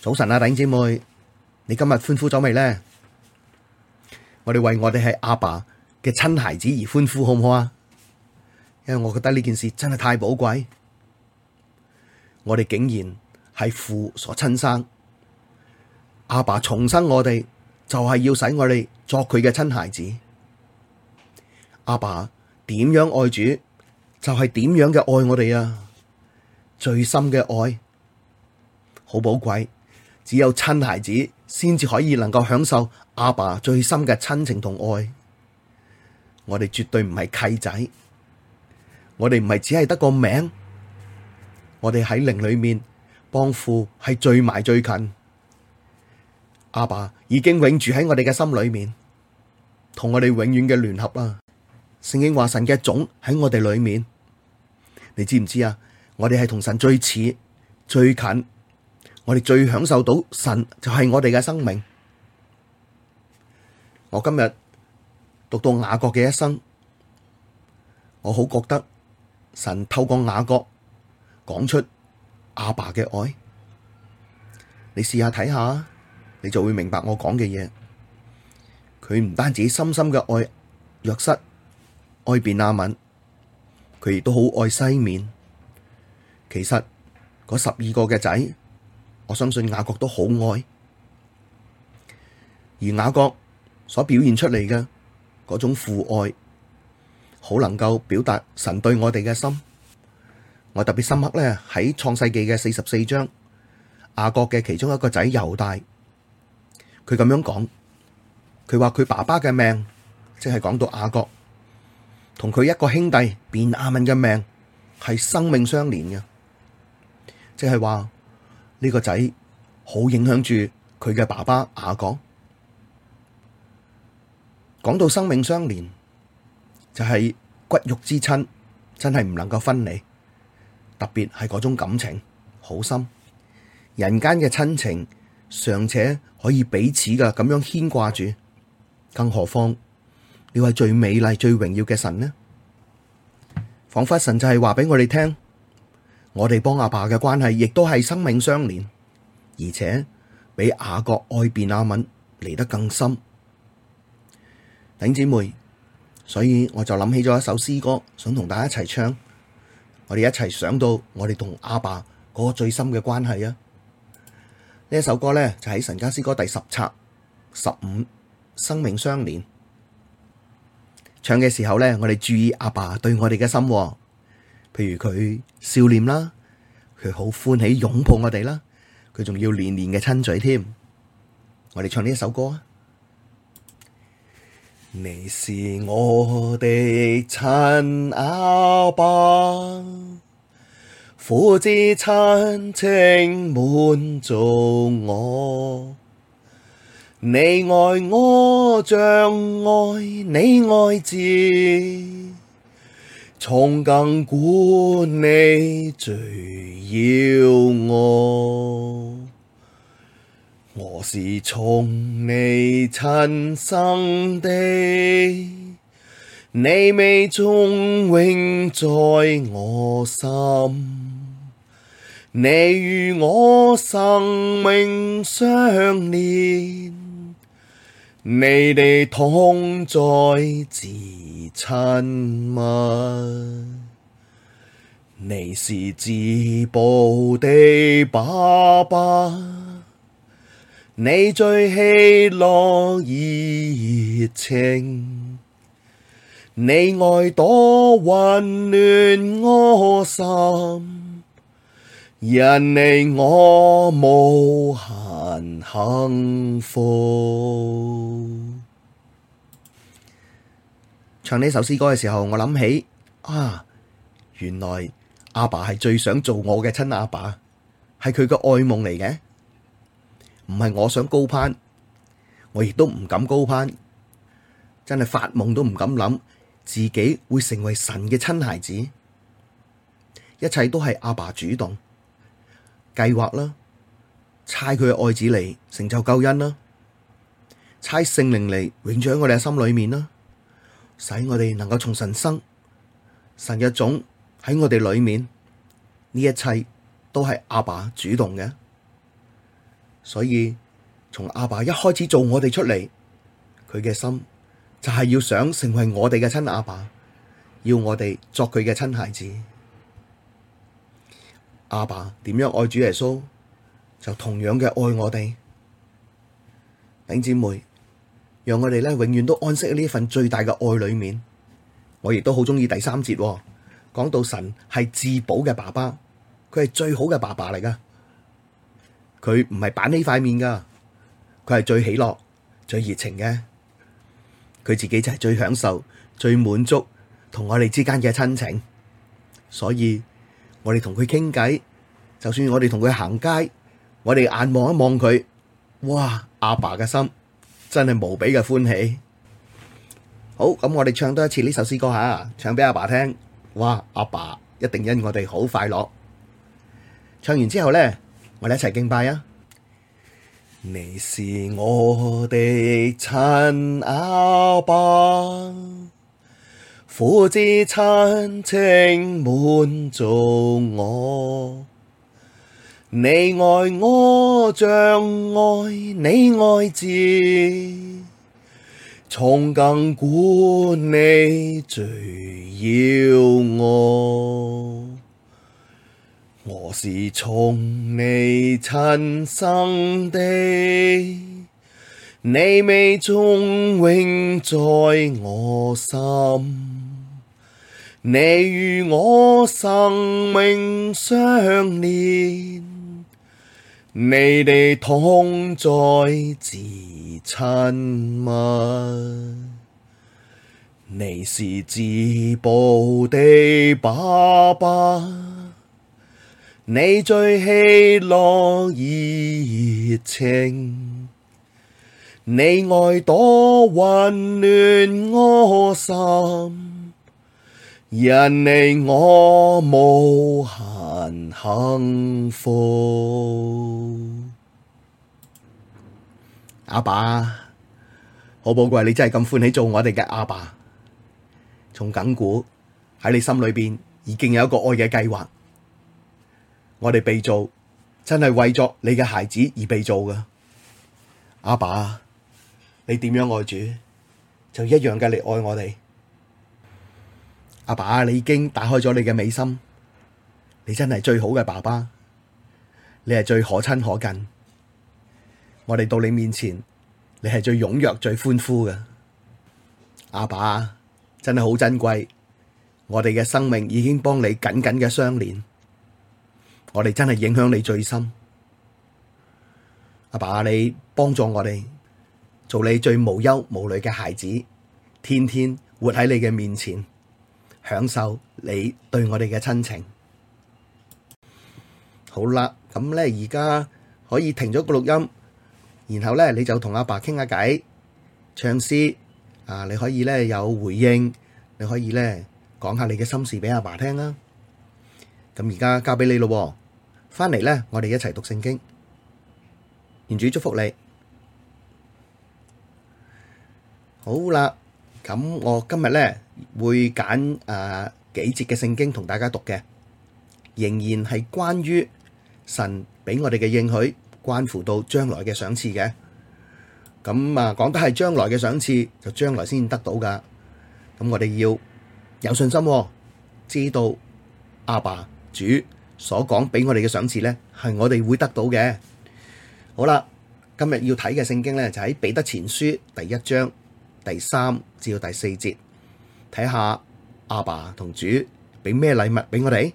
早晨啊，弟兄姐妹，你今日歡呼咗未呢？我哋為我哋係阿爸嘅親孩子而歡呼，好唔好啊？因為我覺得呢件事真係太寶貴。我哋竟然係父所親生，阿爸重生我哋，就係要使我哋作佢嘅親孩子。阿爸點樣愛主，就係點樣嘅愛我哋啊！最深嘅愛，好寶貴。只有親孩子先至可以能夠享受阿爸最深嘅親情同愛。我哋絕對唔係契仔，我哋唔係只係得個名。我哋喺靈裏面幫父係最埋最近。阿爸已經永住喺我哋嘅心裏面，同我哋永遠嘅聯合啦。聖經話神嘅種喺我哋裏面，你知唔知啊？我哋係同神最似、最近。我哋最享受到神就係、是、我哋嘅生命。我今日讀到雅各嘅一生，我好覺得神透過雅各講出阿爸嘅愛。你試下睇下，你就會明白我講嘅嘢。佢唔單止深深嘅愛約瑟、愛便雅憫，佢亦都好愛西面。其實嗰十二個嘅仔。我相信雅各都好愛，而雅各所表現出嚟嘅嗰種父愛，好能夠表達神對我哋嘅心。我特別深刻咧喺創世紀嘅四十四章，雅各嘅其中一個仔猶大，佢咁樣講，佢話佢爸爸嘅命，即係講到雅各同佢一個兄弟便雅憫嘅命係生命相連嘅，即係話。呢個仔好影響住佢嘅爸爸雅各。講到生命相連，就係、是、骨肉之親，真係唔能夠分離。特別係嗰種感情好深，人間嘅親情尚且可以彼此噶咁樣牽掛住，更何況你係最美麗、最榮耀嘅神呢？仿佛神就係話俾我哋聽。我哋幫阿爸嘅關係，亦都係生命相連，而且比亞國愛變阿敏嚟得更深，頂姊妹。所以我就諗起咗一首詩歌，想同大家一齊唱。我哋一齊想到我哋同阿爸嗰最深嘅關係啊！呢一首歌咧就喺神家詩歌第十冊十五生命相連。唱嘅時候咧，我哋注意阿爸對我哋嘅心喎。譬如佢笑臉啦，佢好歡喜擁抱我哋啦，佢仲要年年嘅親嘴添。我哋唱呢一首歌啊！你是我嘅親阿爸，父子親情滿足我，你愛我像愛你愛子。」從亙古你最要我，我是從你親生的，你美種永在我心，你與我生命相連。你哋同在至親密，你是至寶的爸爸，你最喜樂熱情，你愛多溫暖我心。因祢我無限幸福，唱呢首詩歌嘅時候，我諗起啊，原來阿爸係最想做我嘅親阿爸，係佢嘅愛夢嚟嘅，唔係我想高攀，我亦都唔敢高攀，真係發夢都唔敢諗自己會成為神嘅親孩子，一切都係阿爸主動。計劃啦，差佢嘅愛子嚟，成就救恩啦，差聖靈嚟永住喺我哋嘅心裏面啦，使我哋能夠從神生，神嘅種喺我哋裏面，呢一切都係阿爸主動嘅，所以從阿爸一開始做我哋出嚟，佢嘅心就係要想成為我哋嘅親阿爸，要我哋作佢嘅親孩子。阿爸點樣愛主耶穌，就同樣嘅愛我哋，弟兄姊妹，讓我哋咧永遠都安息喺呢一份最大嘅愛裏面。我亦都好鍾意第三節，講到神係至寶嘅爸爸，佢係最好嘅爸爸嚟噶，佢唔係板起塊面噶，佢係最喜樂、最熱情嘅，佢自己就係最享受、最滿足同我哋之間嘅親情，所以。我哋同佢傾偈，就算我哋同佢行街，我哋眼望一望佢，哇！阿爸嘅心真係無比嘅歡喜。好，咁我哋唱多一次呢首詩歌吓，唱俾阿爸聽。哇！阿爸一定因我哋好快樂。唱完之後呢，我哋一齊敬拜啊！你是我哋親阿爸。父子親情滿足我，你愛我像愛你愛子，從亙古你最要我，我是從你親生的，你美種永在我心。你與我生命相連，你哋同在至親密。你是至寶的爸爸，你最喜樂、熱情，你愛多溫暖我心。人祢我無限幸福，阿爸，好寶貴！你真係咁歡喜做我哋嘅阿爸，從亙古喺你心裏邊，已經有一個愛嘅計劃。我哋被做，真係為咗你嘅孩子而被做嘅，阿爸，你點樣愛子，就一樣嘅嚟愛我哋。阿爸，你已經打開咗你嘅美心，你真係最好嘅爸爸，你係最可親可近。我哋到你面前，你係最踴躍、最歡呼嘅。阿爸，真係好珍貴，我哋嘅生命已經幫你緊緊嘅相連，我哋真係影響你最深。阿爸，你幫助我哋做你最無憂無慮嘅孩子，天天活喺你嘅面前。享受你對我哋嘅親情。好啦，咁呢而家可以停咗個錄音，然後呢你就同阿爸傾下偈，唱詩啊，你可以呢有回應，你可以呢講下你嘅心事俾阿爸聽啦。咁而家交俾你咯，翻嚟，呢我哋一齊讀聖經。願主祝福你。好啦，咁我今日呢。會揀誒幾節嘅聖經同大家讀嘅，仍然係關於神俾我哋嘅應許，關乎到將來嘅賞賜嘅。咁啊，講得係將來嘅賞賜，就將來先得到㗎。咁我哋要有信心，哦，知道阿爸主所講俾我哋嘅賞賜呢，係我哋會得到嘅。好啦，今日要睇嘅聖經呢，就喺、是、彼得前書第一章第三至到第四節。睇下阿爸同主俾咩禮物俾我哋，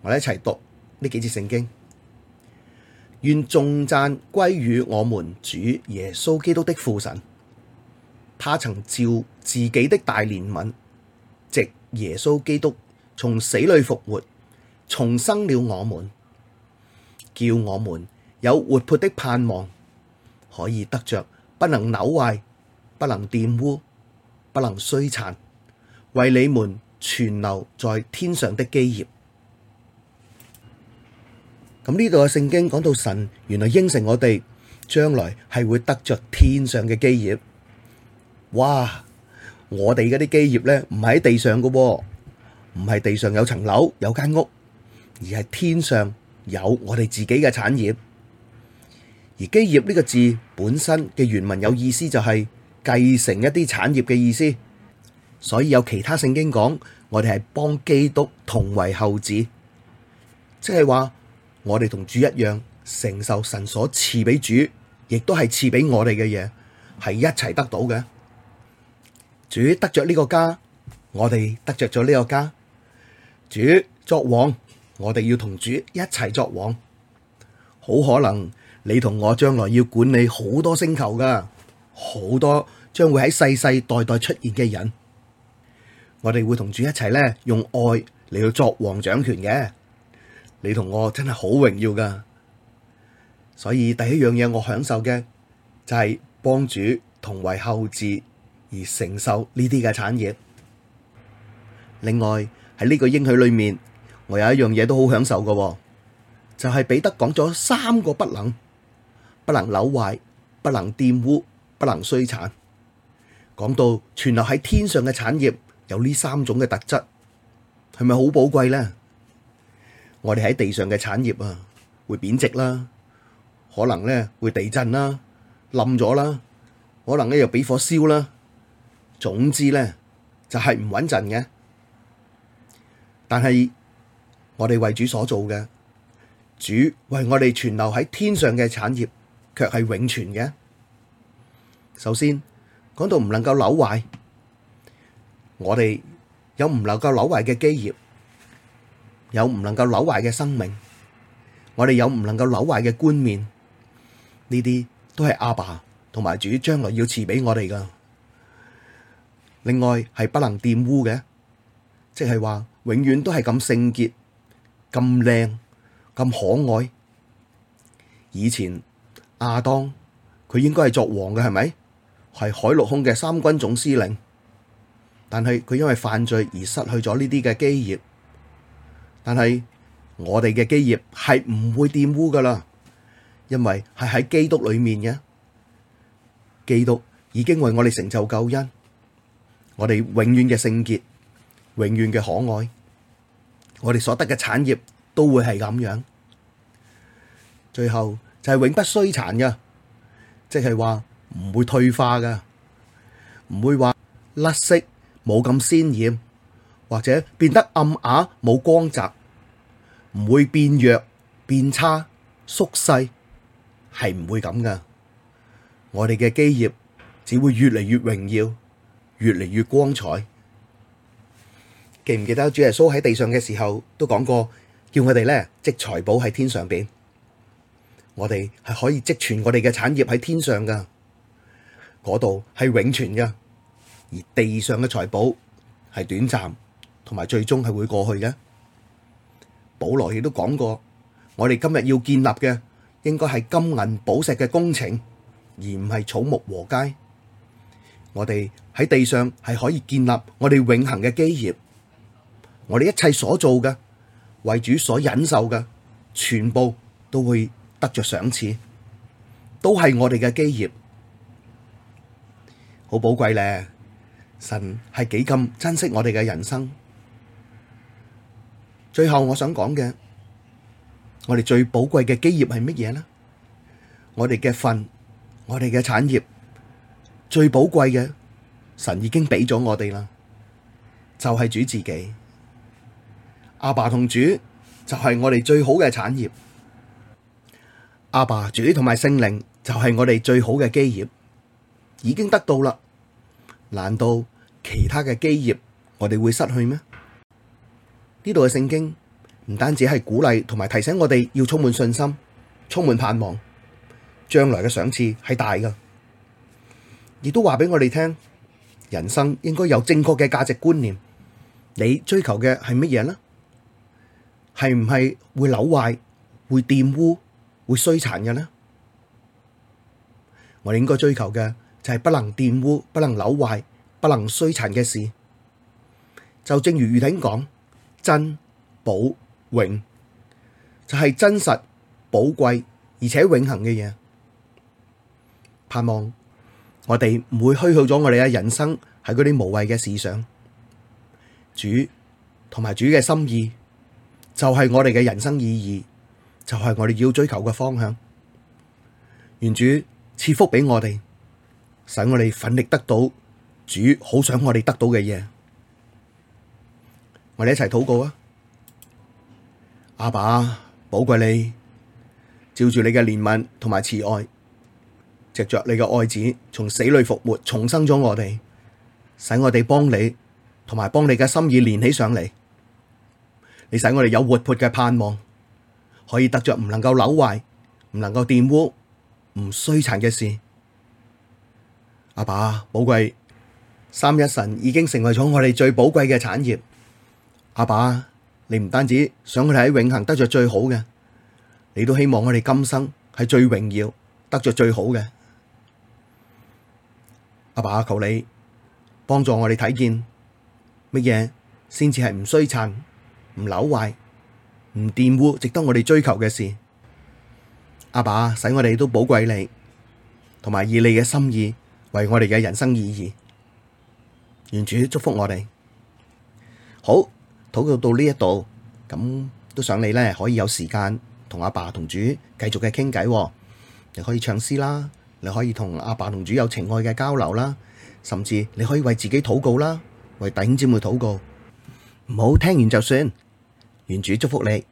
我哋一齊讀呢幾節聖經。願頌讚歸與我們主耶穌基督的父神，他曾照自己的大憐憫，藉耶穌基督從死裏復活，重生了我們，叫我們有活潑的盼望，可以得着，不能朽壞，不能玷污。不能衰殘，為你們存留在天上的基業。咁呢度嘅聖經講到神原來應承我哋將來係會得着天上嘅基業。哇！我哋而家啲基業呢，唔係喺地上噶，唔係地上有層樓有間屋，而係天上有我哋自己嘅產業。而基業呢個字本身嘅原文有意思就係、是。繼承一啲產業嘅意思，所以有其他聖經講，我哋係幫基督同為後子，即係話我哋同主一樣承受神所賜俾主，亦都係賜俾我哋嘅嘢，係一齊得到嘅。主得着呢個家，我哋得着咗呢個家。主作王，我哋要同主一齊作王。好可能你同我將來要管理好多星球噶。好多將會喺世世代代出現嘅人，我哋會同主一齊咧，用愛嚟去作王掌權嘅。你同我真係好榮耀噶，所以第一樣嘢我享受嘅就係、是、幫主同為後嗣而承受呢啲嘅產業。另外喺呢個應許裡面，我有一樣嘢都好享受噶，就係彼得講咗三個不能：不能朽壞，不能玷污。不能衰殘。講到存留喺天上嘅產業，有呢三種嘅特質，係咪好寶貴呢？我哋喺地上嘅產業啊，會貶值啦，可能呢會地震啦，冧咗啦，可能呢又俾火燒啦。總之呢，就係唔穩陣嘅。但係我哋為主所做嘅，主為我哋存留喺天上嘅產業，卻係永存嘅。首先講到唔能夠朽壞，我哋有唔能夠朽壞嘅基業，有唔能夠朽壞嘅生命，我哋有唔能夠朽壞嘅冠冕，呢啲都係阿爸同埋主將來要賜畀我哋噶。另外係不能玷污嘅，即係話永遠都係咁聖潔、咁靚、咁可愛。以前亞當佢應該係作王嘅，係咪？係海陸空嘅三軍總司令，但係佢因為犯罪而失去咗呢啲嘅基業，但係我哋嘅基業係唔會玷污噶啦，因為係喺基督裏面嘅，基督已經為我哋成就救恩，我哋永遠嘅聖潔，永遠嘅可愛，我哋所得嘅產業都會係咁樣，最後就係永不衰殘噶，即係話。唔會退化噶，唔會話甩色，冇咁鮮艷，或者變得暗啞冇光澤，唔會變弱變差縮細，係唔會咁噶。我哋嘅基業只會越嚟越榮耀，越嚟越光彩。記唔記得主耶穌喺地上嘅時候都講過，叫我哋咧積財寶喺天上邊，我哋係可以積存我哋嘅產業喺天上噶。嗰度係永存嘅，而地上嘅財寶係短暫，同埋最終係會過去嘅。保羅亦都講過，我哋今日要建立嘅應該係金銀寶石嘅工程，而唔係草木禾秸。我哋喺地上係可以建立我哋永恆嘅基業。我哋一切所做嘅、為主所忍受嘅，全部都會得著賞賜，都係我哋嘅基業。好寶貴咧，神係幾咁珍惜我哋嘅人生。最後我想講嘅，我哋最寶貴嘅基業係乜嘢呢？我哋嘅份，我哋嘅產業，最寶貴嘅，神已經俾咗我哋啦，就係主自己。阿爸同主就係我哋最好嘅產業，阿爸、主同埋聖靈就係我哋最好嘅基業。已經得到啦，難道其他嘅基業我哋會失去咩？呢度嘅聖經唔單止係鼓勵同埋提醒我哋要充滿信心、充滿盼望，將來嘅賞賜係大㗎，亦都話俾我哋聽，人生應該有正確嘅價值觀念。你追求嘅係乜嘢呢？係唔係會朽壞、會玷污、會衰殘嘅呢？我哋應該追求嘅。就係不能玷污、不能朽壞、不能衰殘嘅事。就正如余頂講，真、寶、永就係、是、真實、寶貴而且永恆嘅嘢。盼望我哋唔會虛耗咗我哋嘅人生喺嗰啲無謂嘅事上。主同埋主嘅心意就係、是、我哋嘅人生意義，就係、是、我哋要追求嘅方向。願主賜福俾我哋。使我哋奮力得到主好想我哋得到嘅嘢。我哋一齊禱告啊！阿爸，寶貴你，照住你嘅憐憫同埋慈愛，藉着你嘅愛子從死裡復活，重生咗我哋，使我哋幫你同埋幫你嘅心意連起上嚟，你使我哋有活潑嘅盼望，可以得着唔能夠朽壞、唔能夠玷污、唔衰殘嘅事。阿爸，爸，寶貴三一神已經成為咗我哋最寶貴嘅產業。阿爸，爸，你唔單止想我哋喺永恆得着最好嘅，你都希望我哋今生係最榮耀得着最好嘅。阿爸，爸，求你幫助我哋睇見乜嘢先至係唔衰殘、唔朽壞、唔玷污，值得我哋追求嘅事。阿爸，爸，使我哋都寶貴你，同埋以你嘅心意為我哋嘅人生意義，願主祝福我哋。好，禱告到呢一度，咁都想你咧，可以有時間同阿爸同主繼續嘅傾偈，你可以唱詩啦，你可以同阿爸同主有情愛嘅交流啦，甚至你可以為自己禱告啦，為弟兄姊妹禱告。唔好聽完就算，願主祝福你。